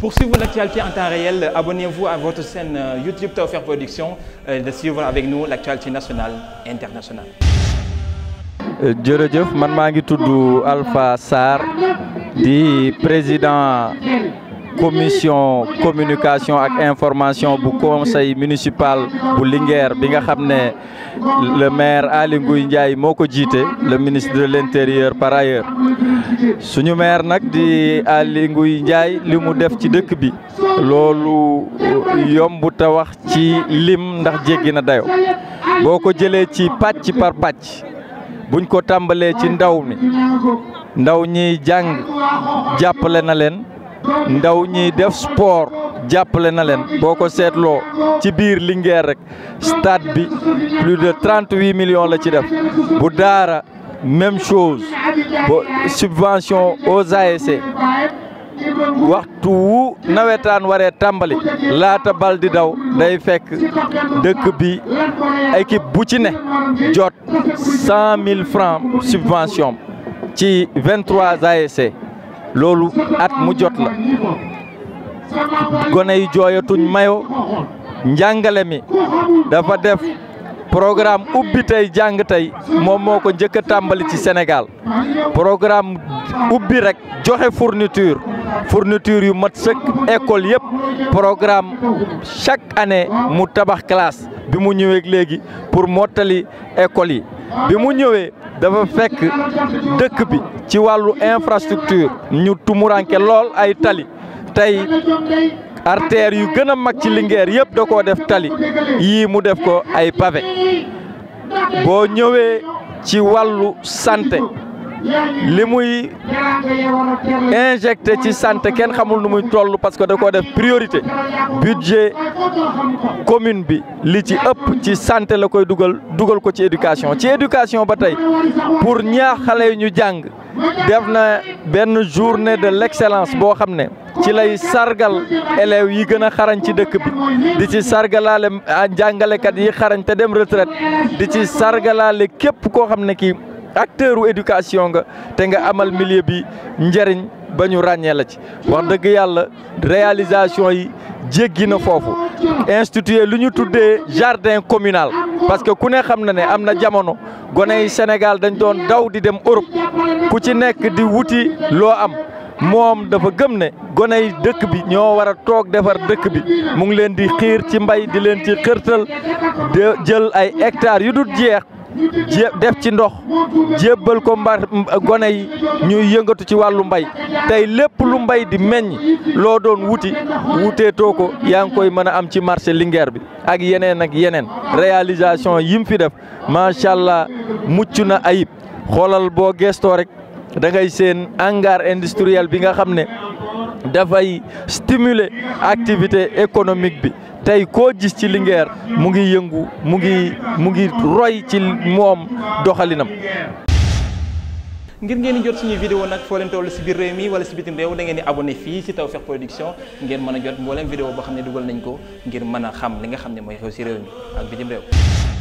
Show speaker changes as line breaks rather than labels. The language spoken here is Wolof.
Pour suivre l'actualité en temps réel, abonnez-vous à votre chaîne euh, YouTube Tawfekh Production euh, et de suivre avec nous l'actualité nationale et internationale. Euh, jërëjëf man maa ngi tudd Alpha Sarr di président. commission communication ak information bu conseil municipal bu Linguère bi nga xam ne le maire Aly Ngouille Ndiaye moo ko jiite le ministre de l'intérieur par ailleurs suñu maire nag di Aly Ngouille Ndiaye li mu def ci dëkk bi loolu yomb tawax ci lim ndax jéggi na dayo boo ko jëlee ci pàcc par pàcc buñ ko tàmbalee ci ndaw mi ndaw ñi jàng jàppale na leen ndaw ñiy def sport jàppale na leen boo ko seetloo ci biir Linguère rekk stade bi plus de trente-huit millions la ci def bu daara même chose ba subvention aux ASC waxtu wu nawetaan waree tàmbali laata bal di daw day fekk dëkk bi équipe bu ci ne jot cent mille francs subvention ci vingt-trois ASC loolu at mu jot la gone yi jooyatuñ mayo njàngale mi dafa def programme ubbi tey jàng tey moom moo ko njëkk a tàmbali ci Sénégal programme ubbi rek joxe fourniture fourniture yu mat sëkk école yëpp programme chaque année mu tabax classe bi mu ñëweek léegi pour mottali école yi bi mu ñëwee. dafa fekk dëkk bi ci wàllu infrastructure ñu tumuranke lool ay tali tey artère yu gën a mag ci Linguère yëpp da koo def tali yii mu def ko ay pavé boo ñëwee ci wàllu santé li muy injecté ci santé kenn xamul nu muy toll parce que da koo def priorité budget commune bi li ci ëpp ci sante la koy dugal dugal ko ci éducation ci éducation ba tey pour ñaax xale yi ñu jàng def na benn journée de l'excellence boo xam ne ci lay sargal élèves yi gën a xarañ ci dëkk bi di ci sargalaale ah, jàngalekat yi xarañ te dem retraite di ci sargalaale képp koo xam ne kii acteur u éducation nga te nga amal milieu bi njëriñ ba ñu ràññee la ci wax dëgg yàlla réalisation yi jéggi na foofu institué lu ñu tuddee jardin communal parce que ku ne xam na ne am na jamono gone yi Sénégal dañ doon daw di dem Europe ku ci nekk di wuti loo am moom dafa gëm ne gone yi dëkk bi ñoo war a toog defar dëkk bi mu ngi leen di xiir ci mbay di leen ci xërtal de jël ay hectares yu du jeex def ci ndox jébbal ko mbar gone yi ñuy yëngatu ci wàllu mbay tey lépp lu mbay di meññ loo doon wuti wuteetoo ko yaa ngi koy mën a am ci marché Linguère bi ak yeneen ak yeneen réalisation yim fi def macha allah mucc na ayib xoolal boo gestoo rek dangay ngay seen hangar industriel bi nga xam ne dafay stimuler activité économique bi tey koo gis ci Linguère mu ngi yëngu mu ngi mu ngi roy ci moom doxalinam. ngir ngeen di jot suñuy vidéo nag foo leen toll si biir réew mi wala si bitim réew da ngeen di abonné fii si Tawfekh Production ngeen mën a jot mbooleem vidéo boo xam ne dugal nañ ko ngir mën a xam li nga xam ne mooy xew si réew mi ak bitim réew.